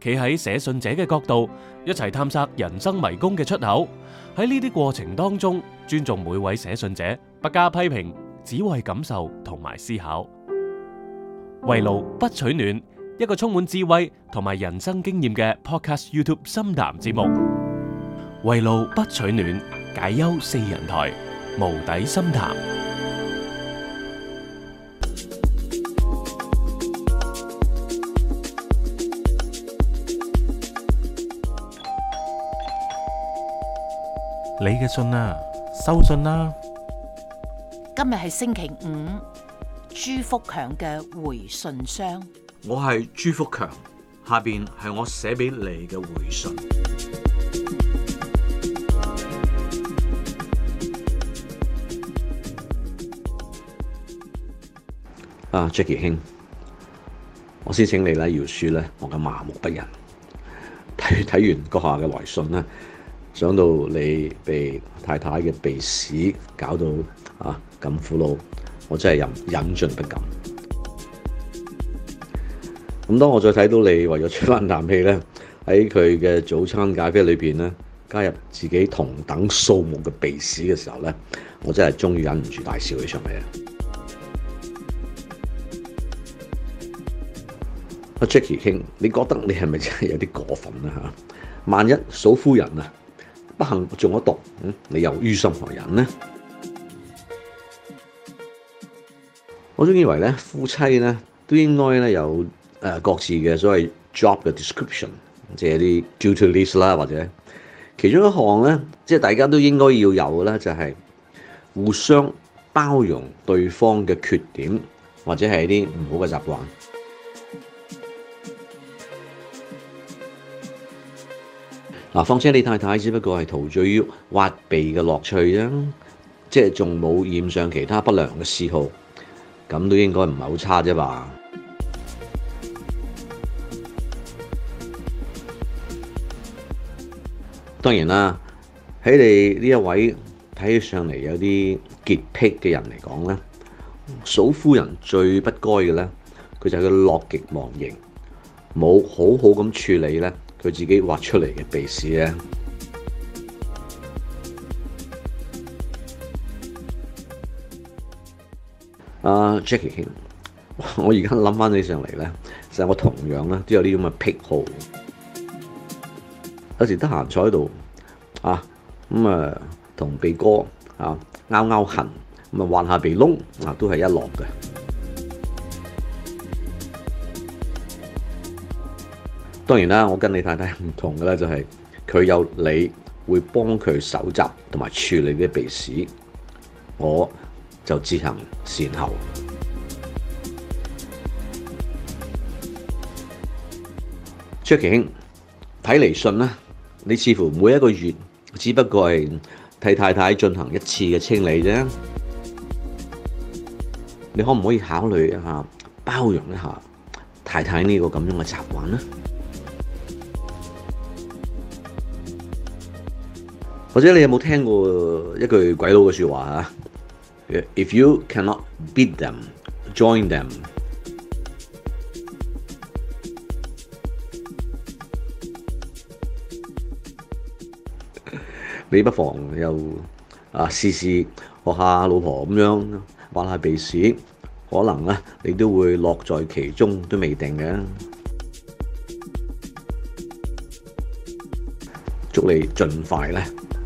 企喺寫信者嘅角度，一齊探索人生迷宮嘅出口。喺呢啲過程當中，尊重每位寫信者，不加批評，只為感受同埋思考。圍爐不取暖，一個充滿智慧同埋人生經驗嘅 Podcast YouTube 深談節目。圍爐不取暖，解憂四人台，無底深談。你嘅信啦、啊，收信啦、啊！今日係星期五，朱福強嘅回信箱。我係朱福強，下邊係我寫俾你嘅回信。啊，Jacky 兄，我先請你啦，饒恕啦，我嘅麻木不仁。睇睇完閣下嘅來信啦。想到你被太太嘅鼻屎搞到啊咁苦惱，我真係忍忍俊不禁。咁當我再睇到你為咗出返啖氣咧，喺佢嘅早餐咖啡裏邊咧，加入自己同等數目嘅鼻屎嘅時候咧，我真係終於忍唔住大笑起上嚟 啊！阿 Jacky 兄，你覺得你係咪真係有啲過分啦？嚇，萬一嫂夫人啊！不幸中咗毒，嗯，你又於心何忍呢？我總以為咧，夫妻咧都應該咧有各自嘅所謂 job 嘅 description，即係啲 duties 啦，或者其中一項咧，即係大家都應該要有嘅啦，就係互相包容對方嘅缺點，或者係一啲唔好嘅習慣。嗱、啊，況且你太太只不過係陶醉於挖鼻嘅樂趣啫，即係仲冇染上其他不良嘅嗜好，咁都應該唔係好差啫吧？當然啦、啊，喺你呢一位睇起上嚟有啲潔癖嘅人嚟講咧，嫂夫人最不該嘅咧，佢就係佢樂極忘形，冇好好咁處理咧。佢自己畫出嚟嘅鼻屎咧，阿 Jacky，我而家諗翻起上嚟咧，其、就、實、是、我同樣都有啲咁嘅癖好，有時得閒坐喺度啊，咁、嗯、啊同鼻哥啊拗拗痕，咁啊玩下鼻窿都係一樂嘅。當然啦，我跟你太太唔同嘅咧、就是，就係佢有你會幫佢搜集同埋處理啲鼻屎，我就自行善後。Jacky 兄，睇嚟信啦，你似乎每一個月只不過係替太太進行一次嘅清理啫，你可唔可以考慮一下包容一下太太呢個咁樣嘅習慣呢？或者你有冇聽過一句鬼佬嘅說話，If you cannot beat them, join them。 你不妨又啊試試學下老婆這樣玩下鼻屎，可能、啊、你都會樂在其中，都未定嘅。祝你盡快呢。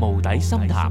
無底深潭。